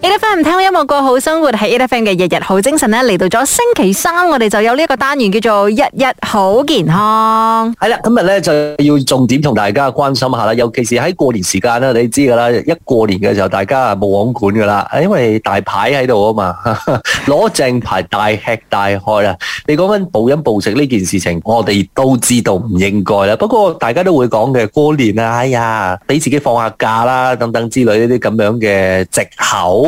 Ella Fan 唔聽音樂過好生活，係 Ella Fan 嘅日日好精神咧，嚟到咗星期三，我哋就有呢一個單元叫做日日好健康。係啦，今日咧就要重點同大家關心下啦，尤其是喺過年時間咧，你知噶啦，一過年嘅時候，大家冇網管噶啦，因為大牌喺度啊嘛，攞正牌大吃大喝啦。你講緊暴飲暴食呢件事情，我哋都知道唔應該啦。不過大家都會講嘅，過年啊，哎呀，俾自己放下假啦，等等之類呢啲咁樣嘅借口。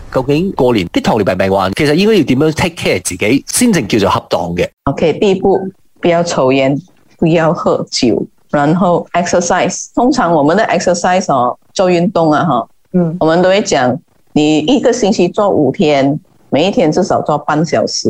究竟過年啲糖尿病病患其實應該要點樣 take care 自己先至叫做恰當嘅？OK，第一步不要抽煙，不要喝酒，然後 exercise。通常我們的 exercise 啊，做運動啊，哈，嗯，我們都會講你一個星期做五天，每一天至少做半小時。